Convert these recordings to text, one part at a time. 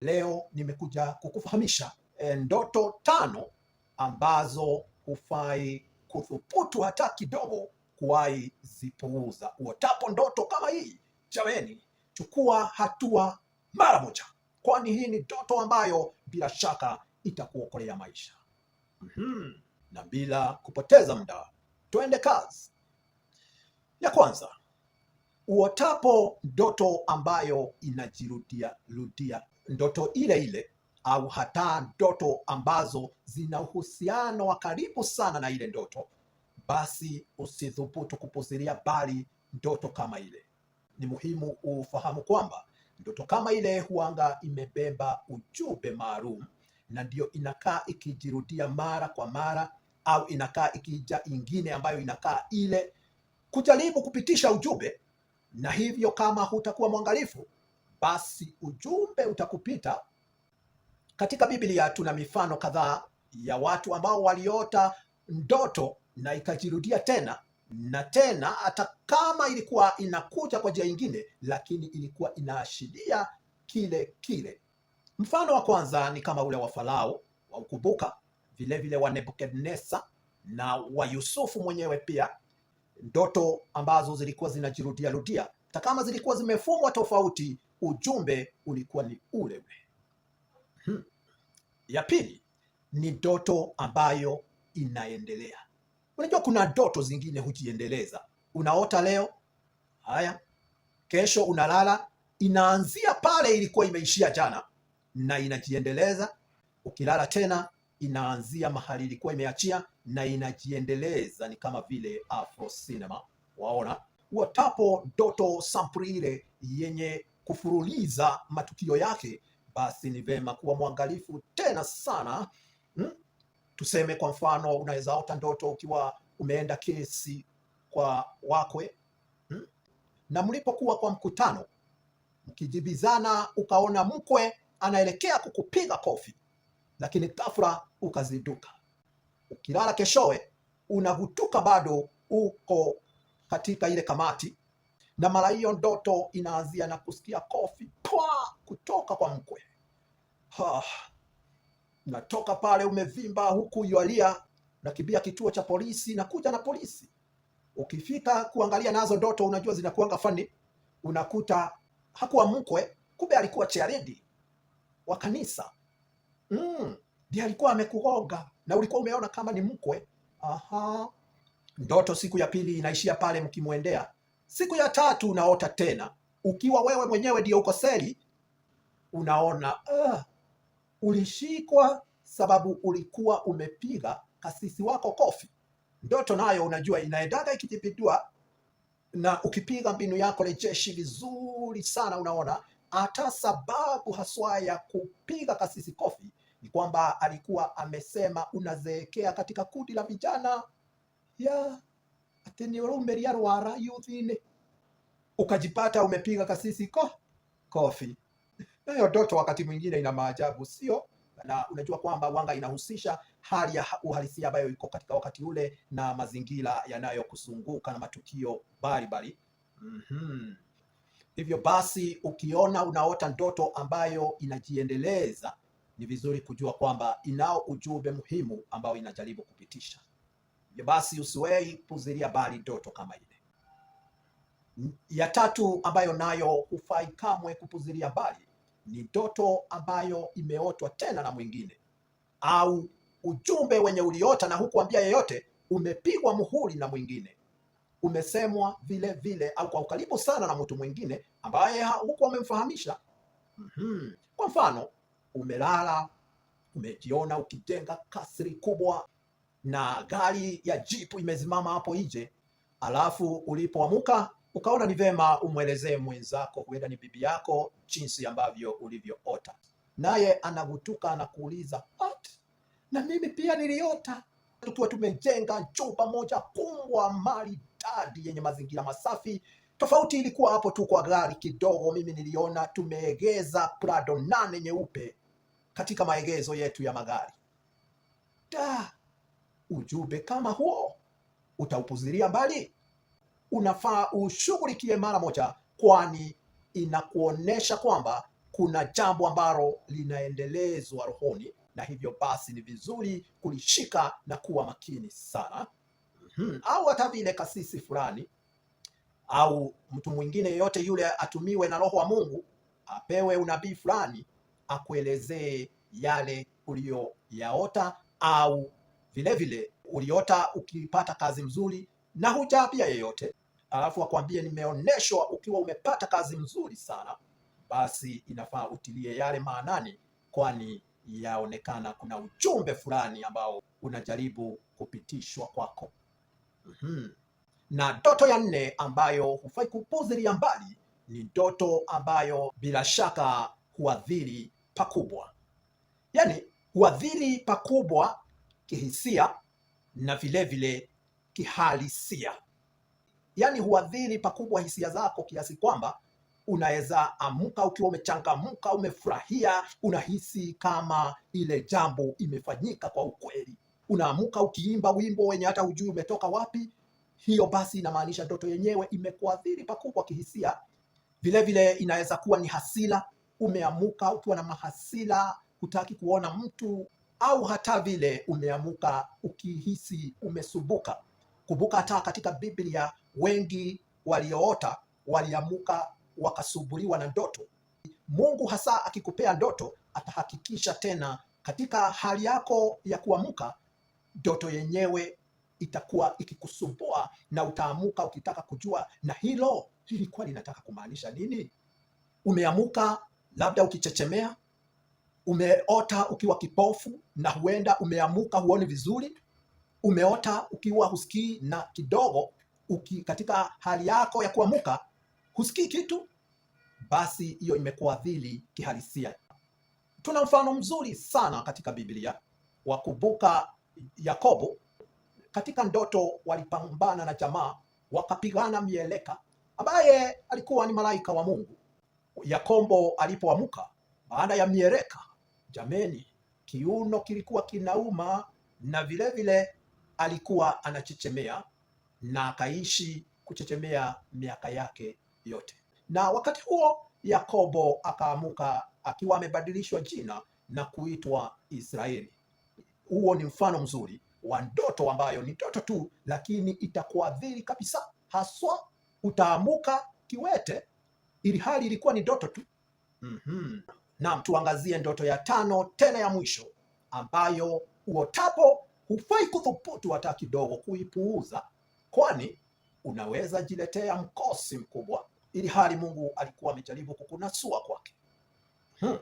Leo nimekuja kukufahamisha e, ndoto tano ambazo hufai kuthubutu hata kidogo kuwahi zipuuza. Uotapo ndoto kama hii, jameni, chukua hatua mara moja, kwani hii ni ndoto ambayo bila shaka itakuokolea maisha. mm -hmm. Na bila kupoteza muda, twende kazi. Ya kwanza, uotapo ndoto ambayo inajirudia rudia ndoto ile ile au hata ndoto ambazo zina uhusiano wa karibu sana na ile ndoto, basi usithubutu kupuzilia bali ndoto kama ile. Ni muhimu ufahamu kwamba ndoto kama ile huanga imebeba ujumbe maalum, na ndiyo inakaa ikijirudia mara kwa mara, au inakaa ikija ingine ambayo inakaa ile kujaribu kupitisha ujumbe, na hivyo kama hutakuwa mwangalifu basi ujumbe utakupita. Katika Biblia tuna mifano kadhaa ya watu ambao waliota ndoto na ikajirudia tena na tena, hata kama ilikuwa inakuja kwa njia nyingine, lakini ilikuwa inaashiria kile kile. Mfano wa kwanza ni kama ule wa Farao waukumbuka, vilevile wa Nebukadnesa na wa Yusufu mwenyewe pia, ndoto ambazo zilikuwa zinajirudiarudia hata kama zilikuwa zimefumwa tofauti, ujumbe ulikuwa ni ule ule. Hmm. Ya pili ni ndoto ambayo inaendelea. Unajua kuna ndoto zingine hujiendeleza, unaota leo, haya kesho unalala, inaanzia pale ilikuwa imeishia jana na inajiendeleza. Ukilala tena inaanzia mahali ilikuwa imeachia na inajiendeleza. Ni kama vile Afro Cinema, waona watapo ndoto sampuli ile yenye kufuruliza matukio yake, basi ni vema kuwa mwangalifu tena sana hmm? Tuseme kwa mfano, unaweza ota ndoto ukiwa umeenda kesi kwa wakwe hmm? na mlipokuwa kwa mkutano mkijibizana, ukaona mkwe anaelekea kukupiga kofi, lakini ghafla ukazinduka. Ukilala keshowe unahutuka bado uko katika ile kamati na mara hiyo ndoto inaanzia na kusikia kofi pwa kutoka kwa mkwe ha. Natoka pale umevimba, huku yualia, nakimbia kituo cha polisi, nakuja na polisi. Ukifika kuangalia nazo ndoto, unajua zinakuanga fani, unakuta hakuwa mkwe, kumbe alikuwa chearedi wa kanisa mm, ndiye alikuwa amekuoga na ulikuwa umeona kama ni mkwe. Aha. Ndoto siku ya pili inaishia pale mkimwendea Siku ya tatu unaota tena, ukiwa wewe mwenyewe ndiyo uko seli, unaona uh, ulishikwa sababu ulikuwa umepiga kasisi wako kofi. Ndoto nayo unajua inaendaga ikijipindua, na ukipiga mbinu yako rejeshi vizuri sana, unaona hata sababu haswa ya kupiga kasisi kofi ni kwamba alikuwa amesema unazeekea katika kundi la vijana ya ati ni uraumiria rwara yuthi ukajipata umepiga kasisi ko kofi. Nayo ndoto wakati mwingine ina maajabu, sio? Na unajua kwamba wanga inahusisha hali ya uhalisia ambayo iko katika wakati ule na mazingira yanayokuzunguka na matukio mbalimbali. mm mhm. -hmm. Hivyo basi ukiona unaota ndoto ambayo inajiendeleza, ni vizuri kujua kwamba inao ujumbe muhimu ambao inajaribu kupitisha basi usiwei puzilia mbali ndoto kama ile. Ya tatu ambayo nayo hufai kamwe kupuzilia mbali ni ndoto ambayo imeotwa tena na mwingine au ujumbe wenye uliota na hukuambia yeyote, umepigwa muhuri na mwingine, umesemwa vile vile au kwa ukaribu sana na mtu mwingine ambaye huku umemfahamisha. mm -hmm. Kwa mfano umelala umejiona ukijenga kasri kubwa na gari ya jipu imesimama hapo nje, alafu ulipoamuka ukaona ni vema umwelezee mwenzako, huenda ni bibi yako, jinsi ambavyo ulivyoota. Naye anagutuka anakuuliza, what? Na mimi pia niliota, tukiwa tumejenga jumba moja kubwa maridadi yenye mazingira masafi. Tofauti ilikuwa hapo tu kwa gari kidogo, mimi niliona tumeegeza Prado nane nyeupe katika maegezo yetu ya magari da ujumbe kama huo utaupuzilia mbali? Unafaa ushughulikie mara moja, kwani inakuonesha kwamba kuna jambo ambalo linaendelezwa rohoni, na hivyo basi ni vizuri kulishika na kuwa makini sana. Hmm. Au hata vile kasisi fulani au mtu mwingine yeyote yule atumiwe na Roho wa Mungu apewe unabii fulani, akuelezee yale uliyoyaota au vilevile uliota ukipata kazi mzuri na hujaambia yeyote, alafu akwambie nimeoneshwa ukiwa umepata kazi mzuri sana, basi inafaa utilie yale maanani, kwani yaonekana kuna ujumbe fulani ambao unajaribu kupitishwa kwako. mm -hmm. Na ndoto ya nne ambayo hufai kupuuzilia mbali ni ndoto ambayo bila shaka huadhiri pakubwa, yaani huadhiri pakubwa kihisia na vilevile kihalisia, yaani huadhiri pakubwa hisia zako kiasi kwamba unaweza amka ukiwa umechangamka, umefurahia, unahisi kama ile jambo imefanyika kwa ukweli. Unaamka ukiimba wimbo wenye hata hujui umetoka wapi. Hiyo basi inamaanisha ndoto yenyewe imekuadhiri pakubwa kihisia. Vilevile inaweza kuwa ni hasira, umeamka ukiwa na mahasira, hutaki kuona mtu au hata vile umeamuka ukihisi umesumbuka. Kumbuka hata katika Biblia wengi walioota waliamuka wakasumbuliwa na ndoto. Mungu hasa akikupea ndoto, atahakikisha tena katika hali yako ya kuamuka ndoto yenyewe itakuwa ikikusumbua na utaamuka ukitaka kujua na hilo lilikuwa linataka kumaanisha nini. Umeamuka labda ukichechemea umeota ukiwa kipofu na huenda umeamuka huoni vizuri, umeota ukiwa husikii na kidogo uki, katika hali yako ya kuamuka husikii kitu, basi hiyo imekuadhili kihalisia. Tuna mfano mzuri sana katika Biblia wa kubuka Yakobo. Katika ndoto walipambana na jamaa wakapigana mieleka, ambaye alikuwa ni malaika wa Mungu. Yakobo alipoamuka baada ya mieleka Jameni, kiuno kilikuwa kinauma na vile vile alikuwa anachechemea na akaishi kuchechemea miaka yake yote. Na wakati huo Yakobo akaamuka akiwa amebadilishwa jina na kuitwa Israeli. Huo ni mfano mzuri wa ndoto ambayo ni ndoto tu, lakini itakuadhiri kabisa, haswa utaamuka kiwete, ili hali ilikuwa ni ndoto tu. mm -hmm na tuangazie ndoto ya tano tena ya mwisho ambayo uotapo hufai kuthubutu hata kidogo kuipuuza, kwani unaweza jiletea mkosi mkubwa, ili hali Mungu alikuwa amejaribu kukunasua kwake. Hmm.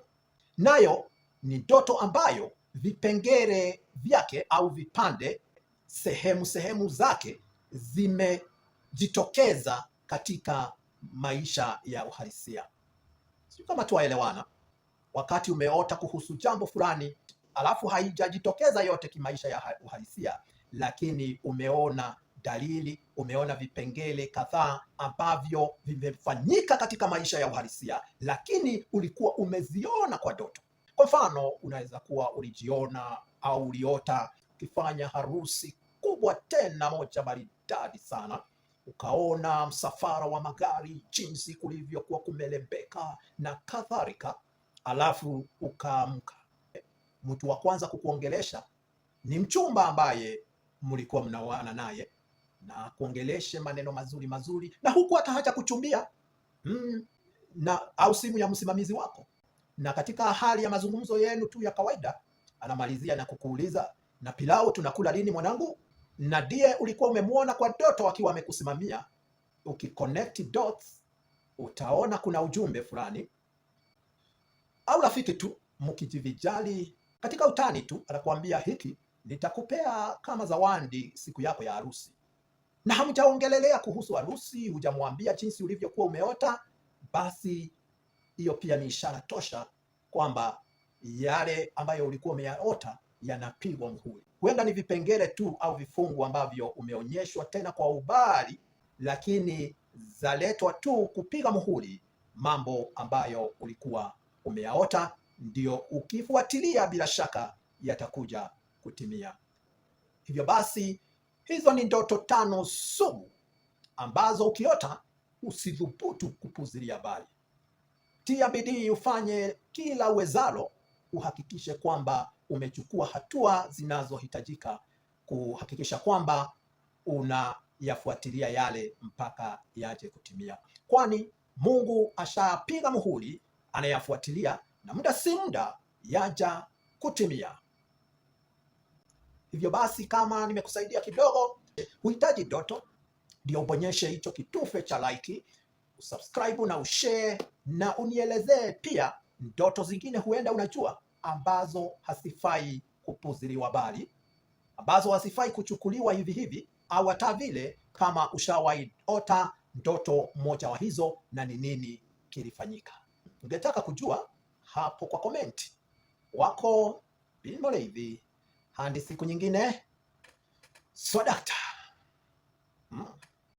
Nayo ni ndoto ambayo vipengere vyake au vipande sehemu sehemu zake zimejitokeza katika maisha ya uhalisia. Sio kama tuwaelewana wakati umeota kuhusu jambo fulani, alafu haijajitokeza yote kimaisha ya uhalisia, lakini umeona dalili, umeona vipengele kadhaa ambavyo vimefanyika katika maisha ya uhalisia, lakini ulikuwa umeziona kwa doto. Kwa mfano, unaweza kuwa ulijiona au uliota ukifanya harusi kubwa tena moja maridadi sana ukaona msafara wa magari jinsi kulivyokuwa kumelembeka na kadhalika, alafu ukaamka. Mtu wa kwanza kukuongelesha ni mchumba ambaye mlikuwa mnaoana naye, na kuongeleshe maneno mazuri mazuri, na huku hata haja kuchumbia mm, na au simu ya msimamizi wako, na katika hali ya mazungumzo yenu tu ya kawaida anamalizia na kukuuliza na pilau tunakula lini mwanangu, na ndiye ulikuwa umemwona kwa ndoto akiwa amekusimamia. Ukiconnect dots utaona kuna ujumbe fulani au rafiki tu mkijivijali katika utani tu, anakuambia hiki nitakupea kama zawadi siku yako ya harusi, na hamjaongelelea kuhusu harusi, hujamwambia jinsi ulivyokuwa umeota, basi hiyo pia ni ishara tosha kwamba yale ambayo ulikuwa umeyaota yanapigwa mhuri. Huenda ni vipengele tu au vifungu ambavyo umeonyeshwa tena kwa ubali, lakini zaletwa tu kupiga muhuri mambo ambayo ulikuwa umeyaota, ndio ukifuatilia bila shaka yatakuja kutimia. Hivyo basi, hizo ni ndoto tano sumu ambazo ukiota usidhubutu kupuzilia mbali. Tia bidii, ufanye kila uwezalo, uhakikishe kwamba umechukua hatua zinazohitajika kuhakikisha kwamba unayafuatilia yale mpaka yaje kutimia, kwani Mungu ashapiga muhuri anayafuatilia na muda si muda yaja kutimia. Hivyo basi, kama nimekusaidia kidogo, huhitaji doto ndio ubonyeshe hicho kitufe cha like, usubscribe na ushare, na unielezee pia ndoto zingine huenda unajua ambazo hasifai kupuziliwa, bali ambazo hasifai kuchukuliwa hivi hivi, au hata vile kama ushawahi ota ndoto moja wa hizo na ni nini kilifanyika. Ningetaka kujua hapo kwa komenti. Wako Bimbo Levi, hadi siku nyingine, swadakta.